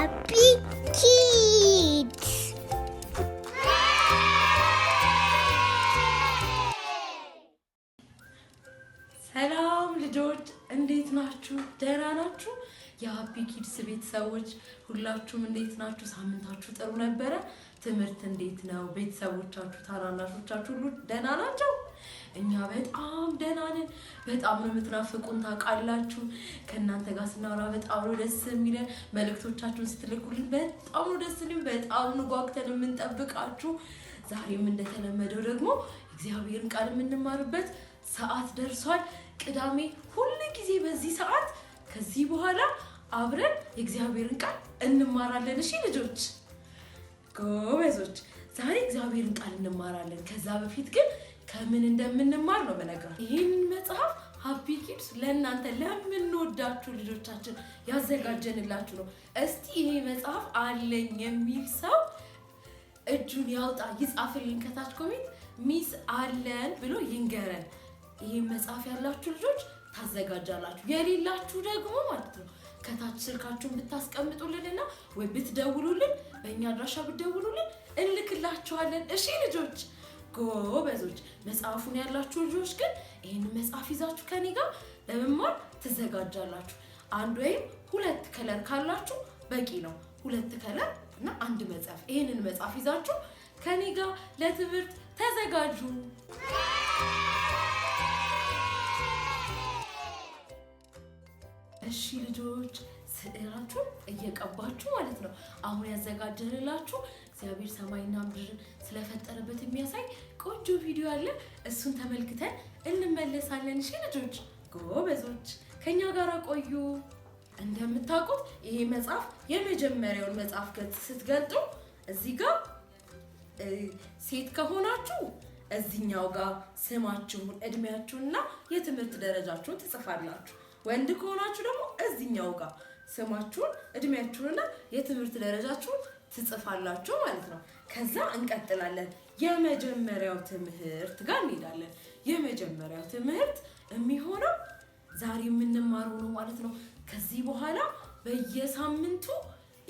happy ሰላም ልጆች እንዴት ናችሁ? ደህና ናችሁ? የሀፒ ኪድስ ቤተሰቦች ሁላችሁም እንዴት ናችሁ? ሳምንታችሁ ጥሩ ነበረ? ትምህርት እንዴት ነው? ቤተሰቦቻችሁ፣ ታናናሾቻችሁ ሁሉ ደህና ናቸው? እኛ በጣም ደህና ነን። በጣም ነው የምትናፍቁን ታውቃላችሁ። ከእናንተ ጋር ስናወራ በጣም ነው ደስ የሚለን። መልእክቶቻችሁን ስትልኩልን በጣም ነው ደስ የሚል። በጣም ነው ጓግተን የምንጠብቃችሁ። ዛሬም እንደተለመደው ደግሞ እግዚአብሔርን ቃል የምንማርበት ሰዓት ደርሷል። ቅዳሜ ሁል ጊዜ በዚህ ሰዓት ከዚህ በኋላ አብረን የእግዚአብሔርን ቃል እንማራለን። እሺ ልጆች ጎበዞች፣ ዛሬ እግዚአብሔርን ቃል እንማራለን። ከዛ በፊት ግን ከምን እንደምንማር ነው የምነግራችሁ። ይህን መጽሐፍ ሀፒ ኪድስ ለእናንተ ለምንወዳችሁ ልጆቻችን ያዘጋጀንላችሁ ነው። እስቲ ይሄ መጽሐፍ አለኝ የሚል ሰው እጁን ያውጣ ይጻፍልን፣ ከታች ኮሜንት ሚስ አለን ብሎ ይንገረን። ይሄ መጽሐፍ ያላችሁ ልጆች ታዘጋጃላችሁ፣ የሌላችሁ ደግሞ ማለት ነው ከታች ስልካችሁን ብታስቀምጡልንና ወይ ብትደውሉልን፣ በእኛ አድራሻ ብትደውሉልን እንልክላችኋለን። እሺ ልጆች ጎበዞች መጽሐፉን ያላችሁ ልጆች ግን ይህንን መጽሐፍ ይዛችሁ ከኔ ጋር ለመማር ትዘጋጃላችሁ። አንድ ወይም ሁለት ከለር ካላችሁ በቂ ነው። ሁለት ከለር እና አንድ መጽሐፍ። ይህንን መጽሐፍ ይዛችሁ ከኔ ጋር ለትምህርት ተዘጋጁ። እሺ ልጆች ስዕላችሁን እየቀባችሁ ማለት ነው። አሁን ያዘጋጀንላችሁ እግዚአብሔር ሰማይና ምድርን ስለፈጠረበት የሚያሳይ ቆንጆ ቪዲዮ አለ። እሱን ተመልክተን እንመለሳለን። እሺ ልጆች ጎበዞች ከኛ ጋር ቆዩ። እንደምታውቁት ይሄ መጽሐፍ የመጀመሪያውን መጽሐፍ ገጽ ስትገልጡ እዚህ ጋር ሴት ከሆናችሁ እዚኛው ጋር ስማችሁን፣ እድሜያችሁንና የትምህርት ደረጃችሁን ትጽፋላችሁ። ወንድ ከሆናችሁ ደግሞ እዚኛው ጋር ስማችሁን፣ እድሜያችሁንና የትምህርት ደረጃችሁን ትጽፋላችሁ ማለት ነው። ከዛ እንቀጥላለን። የመጀመሪያው ትምህርት ጋር እንሄዳለን። የመጀመሪያው ትምህርት የሚሆነው ዛሬ የምንማረው ነው ማለት ነው። ከዚህ በኋላ በየሳምንቱ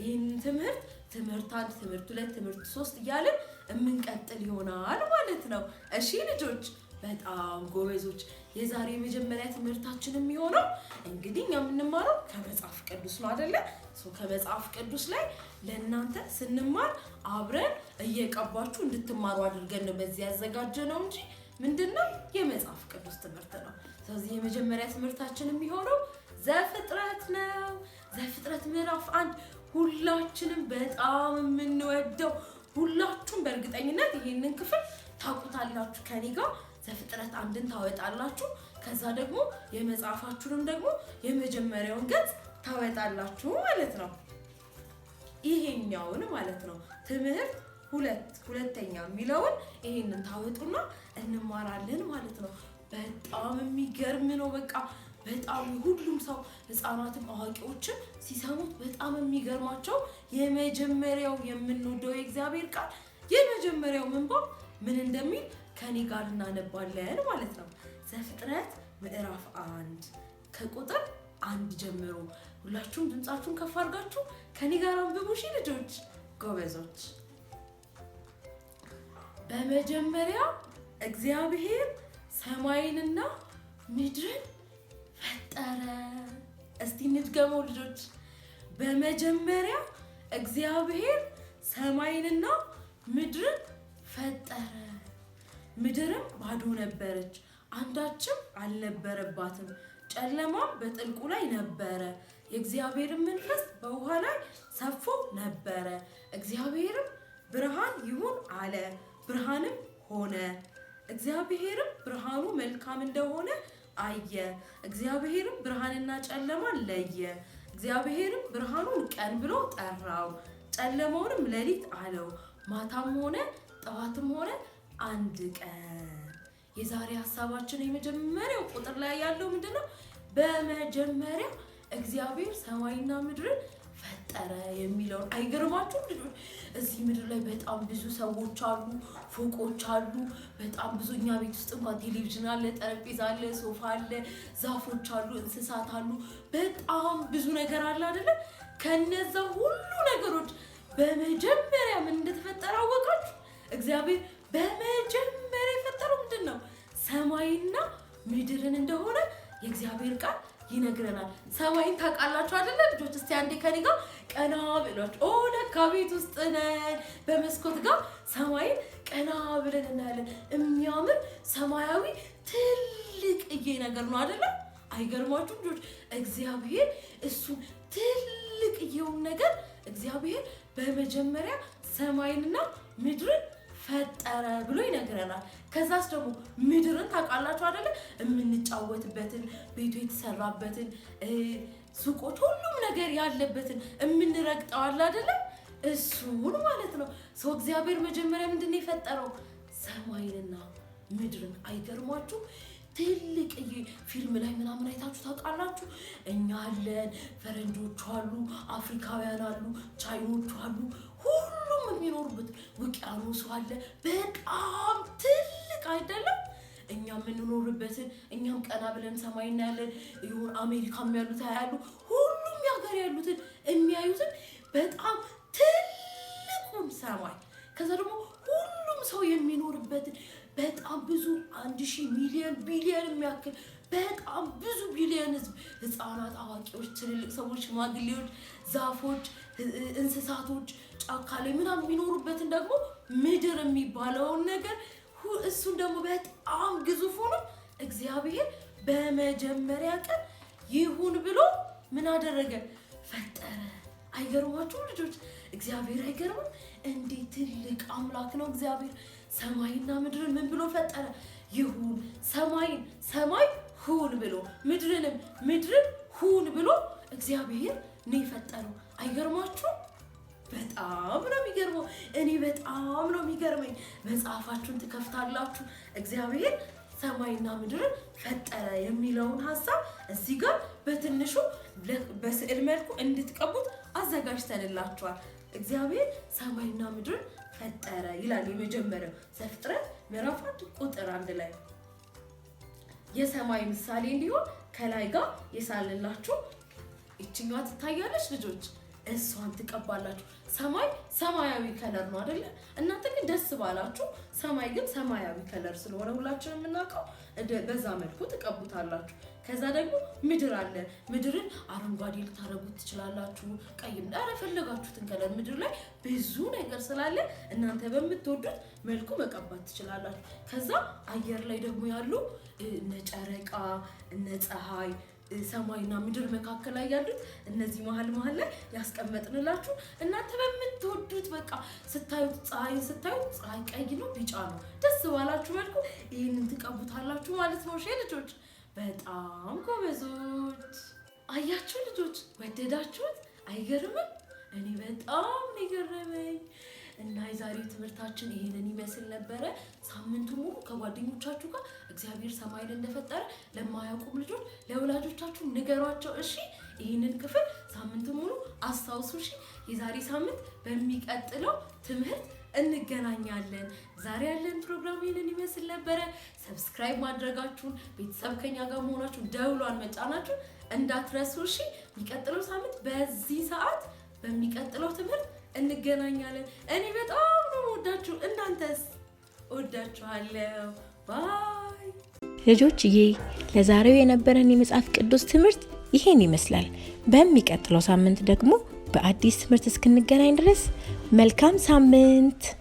ይህን ትምህርት ትምህርት አንድ፣ ትምህርት ሁለት፣ ትምህርት ሶስት እያለን የምንቀጥል ይሆናል ማለት ነው። እሺ ልጆች በጣም ጎበዞች። የዛሬ የመጀመሪያ ትምህርታችን የሚሆነው እንግዲህ እኛ የምንማረው ከመጽሐፍ ቅዱስ ነው አደለ? ከመጽሐፍ ቅዱስ ላይ ለእናንተ ስንማር አብረን እየቀባችሁ እንድትማሩ አድርገን ነው በዚህ ያዘጋጀ ነው እንጂ ምንድን ነው የመጽሐፍ ቅዱስ ትምህርት ነው። ስለዚህ የመጀመሪያ ትምህርታችን የሚሆነው ዘፍጥረት ነው። ዘፍጥረት ምዕራፍ አንድ ሁላችንም በጣም የምንወደው ሁላችሁም በእርግጠኝነት ይህንን ክፍል ታውቁታላችሁ ከኔ ጋር ዘፍጥረት አንድን ታወጣላችሁ። ከዛ ደግሞ የመጽሐፋችሁንም ደግሞ የመጀመሪያውን ገጽ ታወጣላችሁ ማለት ነው። ይሄኛውን ማለት ነው ትምህርት ሁለት ሁለተኛ የሚለውን ይሄንን ታወጡና እንማራለን ማለት ነው። በጣም የሚገርም ነው። በቃ በጣም ሁሉም ሰው ህፃናትም አዋቂዎችም ሲሰሙት በጣም የሚገርማቸው የመጀመሪያው የምንወደው የእግዚአብሔር ቃል የመጀመሪያው ምንባብ ምን እንደሚል ከኔ ጋር እናነባለን ማለት ነው። ዘፍጥረት ምዕራፍ አንድ ከቁጥር አንድ ጀምሮ ሁላችሁም ድምፃችሁን ከፍ አድርጋችሁ ከኔ ጋር አንብቡ። ልጆች ጎበዞች። በመጀመሪያ እግዚአብሔር ሰማይንና ምድርን ፈጠረ። እስቲ እንድገመው ልጆች። በመጀመሪያ እግዚአብሔር ሰማይንና ምድርን ፈጠረ። ምድርም ባዶ ነበረች፣ አንዳችም አልነበረባትም። ጨለማም በጥልቁ ላይ ነበረ፣ የእግዚአብሔር መንፈስ በውሃ ላይ ሰፎ ነበረ። እግዚአብሔርም ብርሃን ይሁን አለ፣ ብርሃንም ሆነ። እግዚአብሔርም ብርሃኑ መልካም እንደሆነ አየ። እግዚአብሔርም ብርሃንና ጨለማን ለየ። እግዚአብሔርም ብርሃኑን ቀን ብሎ ጠራው፣ ጨለማውንም ሌሊት አለው። ማታም ሆነ ጠዋትም ሆነ አንድ ቀን የዛሬ ሀሳባችን የመጀመሪያው ቁጥር ላይ ያለው ምንድን ነው? በመጀመሪያ እግዚአብሔር ሰማይና ምድርን ፈጠረ የሚለውን አይገርማችሁም ልጆች? እዚህ ምድር ላይ በጣም ብዙ ሰዎች አሉ፣ ፎቆች አሉ፣ በጣም ብዙ እኛ ቤት ውስጥ እንኳን ቴሌቪዥን አለ፣ ጠረጴዛ አለ፣ ሶፋ አለ፣ ዛፎች አሉ፣ እንስሳት አሉ፣ በጣም ብዙ ነገር አለ አይደለ? ከነዛ ሁሉ ነገሮች በመጀመሪያ ምን እንደተፈጠረ አወቃችሁ? እግዚአብሔር በመጀመሪያ የፈጠረው ምንድን ነው? ሰማይና ምድርን እንደሆነ የእግዚአብሔር ቃል ይነግረናል። ሰማይን ታውቃላችሁ አይደለ ልጆች? እስቲ አንዴ ከኔ ጋር ቀና ብላችሁ። ኦ ለካ ቤት ውስጥ ነን። በመስኮት ጋር ሰማይን ቀና ብለን እናያለን። የሚያምር ሰማያዊ ትልቅዬ ነገር ነው አይደለ? አይገርማችሁ ልጆች? እግዚአብሔር እሱን ትልቅዬውን ነገር እግዚአብሔር በመጀመሪያ ሰማይንና ምድርን ፈጠረ ብሎ ይነግረናል። ከዛስ ደግሞ ምድርን ታውቃላችሁ አይደለ? የምንጫወትበትን ቤቱ የተሰራበትን ሱቆች፣ ሁሉም ነገር ያለበትን የምንረግጠው አለ አይደለ? እሱን ማለት ነው። ሰው እግዚአብሔር መጀመሪያ ምንድን ነው የፈጠረው? ሰማይንና ምድርን። አይገርማችሁ? ትልቅዬ ፊልም ላይ ምናምን አይታችሁ ታውቃላችሁ። እኛ አለን፣ ፈረንጆቹ አሉ፣ አፍሪካውያን አሉ፣ ቻይኖቹ አሉ ሁሉም የሚኖሩበት ውቅያኖስ አለ። በጣም ትልቅ አይደለም። እኛ የምንኖርበትን እኛም ቀና ብለን ሰማይ እናያለን። ይሁን አሜሪካም ያሉት ያሉ ሁሉም ያገር ያሉትን የሚያዩትን በጣም ትልቁን ሰማይ ከዛ ደግሞ ሁሉም ሰው የሚኖርበትን በጣም ብዙ አንድ ሺህ ሚሊዮን ቢሊዮን የሚያክል በጣም ብዙ ቢሊዮን ህዝብ፣ ህፃናት፣ አዋቂዎች፣ ትልልቅ ሰዎች፣ ሽማግሌዎች፣ ዛፎች፣ እንስሳቶች ጫካ ላይ ምናምን የሚኖሩበትን ደግሞ ምድር የሚባለውን ነገር እሱን ደግሞ በጣም ግዙፉ ነው። እግዚአብሔር በመጀመሪያ ቀን ይሁን ብሎ ምን አደረገ? ፈጠረ። አይገርማችሁም ልጆች? እግዚአብሔር አይገርምም? እንዴት ትልቅ አምላክ ነው እግዚአብሔር። ሰማይና ምድርን ምን ብሎ ፈጠረ? ይሁን። ሰማይን ሰማይ ሁን ብሎ ምድርንም ምድርን ሁን ብሎ እግዚአብሔር ነው የፈጠረው። አይገርማችሁ? በጣም ነው የሚገርመው። እኔ በጣም ነው የሚገርመኝ። መጽሐፋችሁን ትከፍታላችሁ እግዚአብሔር ሰማይና ምድርን ፈጠረ የሚለውን ሀሳብ እዚህ ጋር በትንሹ በስዕል መልኩ እንድትቀቡት አዘጋጅተንላችኋል። እግዚአብሔር ሰማይና ምድርን ፈጠረ ይላል። የመጀመሪያው ዘፍጥረት ምዕራፍ አንድ ቁጥር አንድ ላይ የሰማይ ምሳሌ እንዲሆን ከላይ ጋር የሳልላችሁ ይችኛዋ ትታያለች። ልጆች እሷን ትቀባላችሁ። ሰማይ ሰማያዊ ከለር ነው አይደለ? እናንተ ግን ደስ ባላችሁ። ሰማይ ግን ሰማያዊ ከለር ስለሆነ ሁላችን የምናውቀው በዛ መልኩ ትቀቡታላችሁ። ከዛ ደግሞ ምድር አለ። ምድርን አረንጓዴ ልታረጉት ትችላላችሁ፣ ቀይም፣ ኧረ ፈለጋችሁትን ከለር። ምድር ላይ ብዙ ነገር ስላለ እናንተ በምትወዱት መልኩ መቀባት ትችላላችሁ። ከዛ አየር ላይ ደግሞ ያሉ እነ ጨረቃ እነ ፀሐይ ሰማይና ምድር መካከል ላይ ያሉት እነዚህ መሀል መሀል ላይ ያስቀመጥንላችሁ እናንተ በምትወዱት በቃ ስታዩት ፀሐይን ስታዩት ፀሐይ ቀይ ነው፣ ቢጫ ነው። ደስ ባላችሁ መልኩ ይህንን ትቀቡታላችሁ ማለት ነው። ሼ ልጆች፣ በጣም ጎበዞች። አያችሁ ልጆች፣ ወደዳችሁት? አይገርምም? እኔ በጣም ነው እና የዛሬው ትምህርታችን ይሄንን ይመስል ነበረ። ሳምንቱ ሙሉ ከጓደኞቻችሁ ጋር እግዚአብሔር ሰማይን እንደፈጠረ ለማያውቁም ልጆች ለወላጆቻችሁ ንገሯቸው። እሺ፣ ይህንን ክፍል ሳምንቱ ሙሉ አስታውሱ። እሺ፣ የዛሬ ሳምንት በሚቀጥለው ትምህርት እንገናኛለን። ዛሬ ያለን ፕሮግራም ይህንን ይመስል ነበረ። ሰብስክራይብ ማድረጋችሁን፣ ቤተሰብ ከኛ ጋር መሆናችሁን፣ ደውሏን መጫናችሁን እንዳትረሱ። እሺ፣ የሚቀጥለው ሳምንት በዚህ ሰዓት በሚቀጥለው ትምህርት እንገናኛለን። እኔ በጣም ነው ወዳችሁ፣ እናንተስ? ወዳችኋለሁ። ባይ ልጆችዬ፣ ለዛሬው የነበረን የመጽሐፍ ቅዱስ ትምህርት ይሄን ይመስላል። በሚቀጥለው ሳምንት ደግሞ በአዲስ ትምህርት እስክንገናኝ ድረስ መልካም ሳምንት